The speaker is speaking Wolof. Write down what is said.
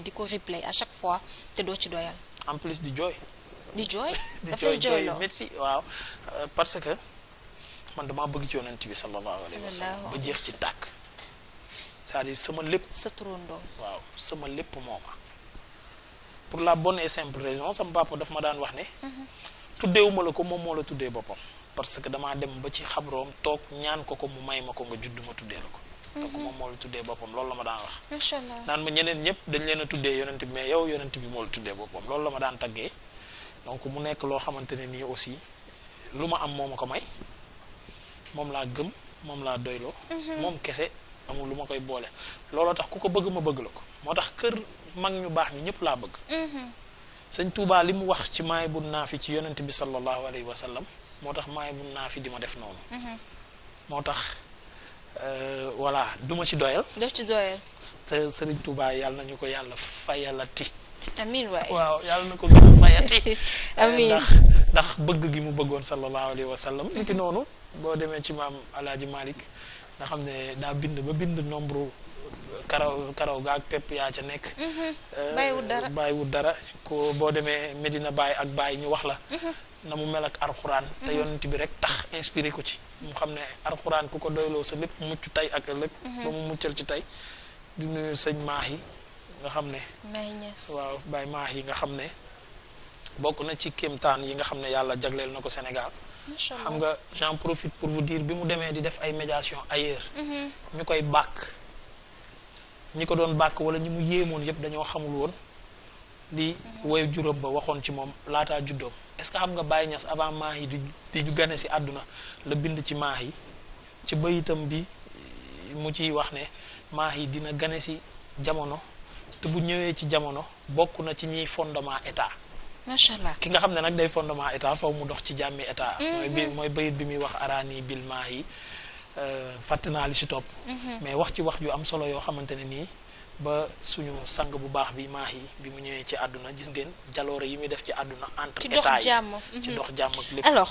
di ko replay à chaque fois te doo ci doyal. en plus di jooy. di jooy di jooy loo métti waaw euh, parce que man damaa bëgg ci yonent bi sallallahu alayhi wa ba jeex ci tàkk cest à sama lépp. sa turandoo waaw sama lépp mooma pour la bonne et simple raison sama papa daf ma daan wax ne. Mhm. tuddeewuma la ko moom moo la tuddee boppam. parce que damaa dem ba ci xabroom toog ñaan ko ko mu may ma ko nga judd ma tuddee la ko. donc mm-hmm. moom moo la tuddee boppam loolu la ma daan wax macha allah naan ma ñeneen ñëpp dañ leen a tuddee yonent bi mais yow yonent bi moo la tuddee boppam loolu la ma daan taggee donc mu nekk loo xamante ne nii aussi lu ma am moom ma ko may moom laa gëm moom laa doyloo mm-hmm. moom kese amul lu ma koy boole looloo tax ku ko bëgg ma bëgg la ko moo tax kër mag ñu baax ñi ñëpp laa bëgg mm-hmm. sëñ Touba li mu wax ci maay bu naafi ci yonent bi sallallahu alayhi wa sallam moo tax maay bu naafi di ma def noonu Euh, voilà du ma ci doyal. def ci doyal. te Serigne Touba yàlla nañu ko yàlla fayalati. amiin waay waaw yàlla na ko gën a fayati. amiin eh, ndax bëgg gi mu bëggoon sallallahu alayhi wa sallam. et mm-hmm. noonu boo demee ci maam El Hadj Malick nga xam ne daa bind ba bind nombre. karaw karaw ga ak pepp yaa ca nekk. Mhm. Euh, bàyyiwul dara bàyyiwul dara ko boo demee Medina bàyyi ak bàyyi ñu wax la. Mhm. na mu mel ak arxuraan. te mhm. yonent bi rek tax inspiré ko ci. mu xam ne arxuraan ku ko doyloo sa lépp mucc tey ak ëllëg. ba mu muccal ci tey du nuyu sëñ maax yi nga xam ne. waaw Baye maax yi nga xam ne. bokk na ci kéemtaan yi nga xam ne yàlla jagleel na ko Sénégal. xam nga j'en profit pour vous dire bi mu demee di def ay médiation ailleurs. ñu koy ñi ko doon bàkk wala ñi mu yéemoon yëpp dañoo xamul woon li woy juróom ba waxoon ci moom laataa juddoom est-ce que xam nga Baye Niass avant maax yi di di ñu gane si àdduna la bind ci maax yi ci bayitam bi mu ci wax ne maax yi dina gane si jamono te bu ñëwee ci jamono bokk na ci ñiy fondement état. macha allah ki nga xam ne nag day fondement état faw mu dox ci jàmmi état. Mm-hmm. mooy mooy bayit bi muy wax araani bil maax yi. Euh, fàtte naa li si topp. Mhm. mais wax ci wax ju am solo yoo xamante ne nii ba suñu sang bu baax bi maax yi bi mu ñëwee ci àdduna gis ngeen jaloore yi muy def ci àdduna. entre états ci mhm. dox jàmm ak lépp.